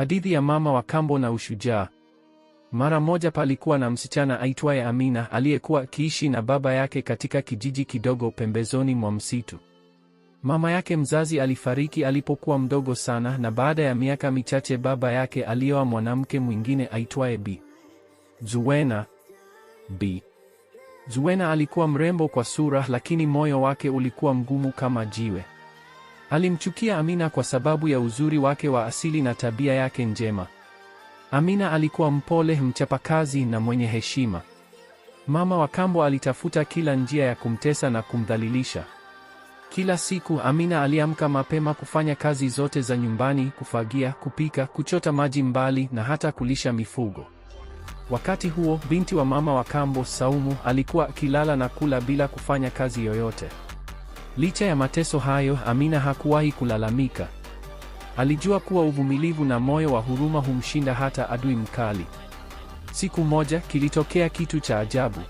Hadithi ya mama wa kambo na ushujaa. Mara moja palikuwa na msichana aitwaye Amina aliyekuwa akiishi na baba yake katika kijiji kidogo pembezoni mwa msitu. Mama yake mzazi alifariki alipokuwa mdogo sana na baada ya miaka michache baba yake alioa mwanamke mwingine aitwaye Bi. Zuwena. Bi. Zuwena alikuwa mrembo kwa sura lakini moyo wake ulikuwa mgumu kama jiwe. Alimchukia Amina kwa sababu ya uzuri wake wa asili na tabia yake njema. Amina alikuwa mpole, mchapakazi na mwenye heshima. Mama wa kambo alitafuta kila njia ya kumtesa na kumdhalilisha. Kila siku Amina aliamka mapema kufanya kazi zote za nyumbani, kufagia, kupika, kuchota maji mbali na hata kulisha mifugo. Wakati huo binti wa mama wa kambo Saumu alikuwa akilala na kula bila kufanya kazi yoyote. Licha ya mateso hayo, Amina hakuwahi kulalamika. Alijua kuwa uvumilivu na moyo wa huruma humshinda hata adui mkali. Siku moja kilitokea kitu cha ajabu.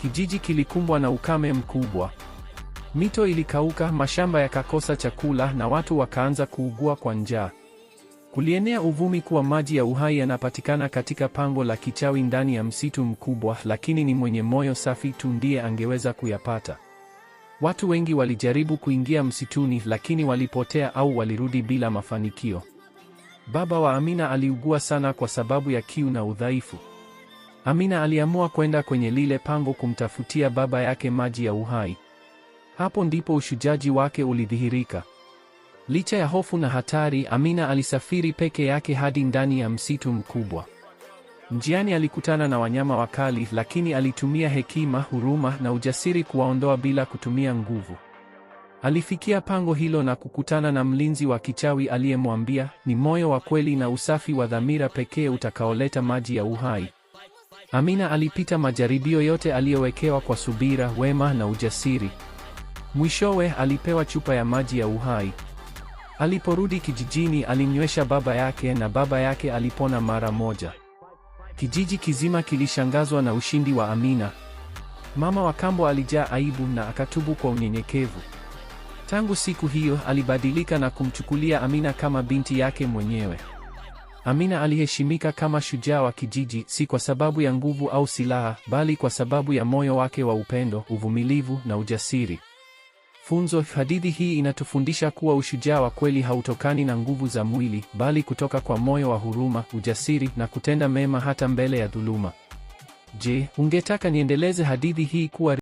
Kijiji kilikumbwa na ukame mkubwa. Mito ilikauka, mashamba yakakosa chakula na watu wakaanza kuugua kwa njaa. Kulienea uvumi kuwa maji ya uhai yanapatikana katika pango la kichawi ndani ya msitu mkubwa, lakini ni mwenye moyo safi tu ndiye angeweza kuyapata. Watu wengi walijaribu kuingia msituni lakini walipotea au walirudi bila mafanikio. Baba wa Amina aliugua sana kwa sababu ya kiu na udhaifu. Amina aliamua kwenda kwenye lile pango kumtafutia baba yake maji ya uhai. Hapo ndipo ushujaji wake ulidhihirika. Licha ya hofu na hatari, Amina alisafiri peke yake hadi ndani ya msitu mkubwa. Njiani alikutana na wanyama wakali, lakini alitumia hekima, huruma na ujasiri kuwaondoa bila kutumia nguvu. Alifikia pango hilo na kukutana na mlinzi wa kichawi aliyemwambia, ni moyo wa kweli na usafi wa dhamira pekee utakaoleta maji ya uhai. Amina alipita majaribio yote aliyowekewa kwa subira, wema na ujasiri. Mwishowe alipewa chupa ya maji ya uhai. Aliporudi kijijini alinywesha baba yake na baba yake alipona mara moja. Kijiji kizima kilishangazwa na ushindi wa Amina. Mama wa kambo alijaa aibu na akatubu kwa unyenyekevu. Tangu siku hiyo alibadilika na kumchukulia Amina kama binti yake mwenyewe. Amina aliheshimika kama shujaa wa kijiji, si kwa sababu ya nguvu au silaha, bali kwa sababu ya moyo wake wa upendo, uvumilivu na ujasiri. Funzo: hadithi hii inatufundisha kuwa ushujaa wa kweli hautokani na nguvu za mwili, bali kutoka kwa moyo wa huruma, ujasiri na kutenda mema hata mbele ya dhuluma. Je, ungetaka niendeleze hadithi hii kuwa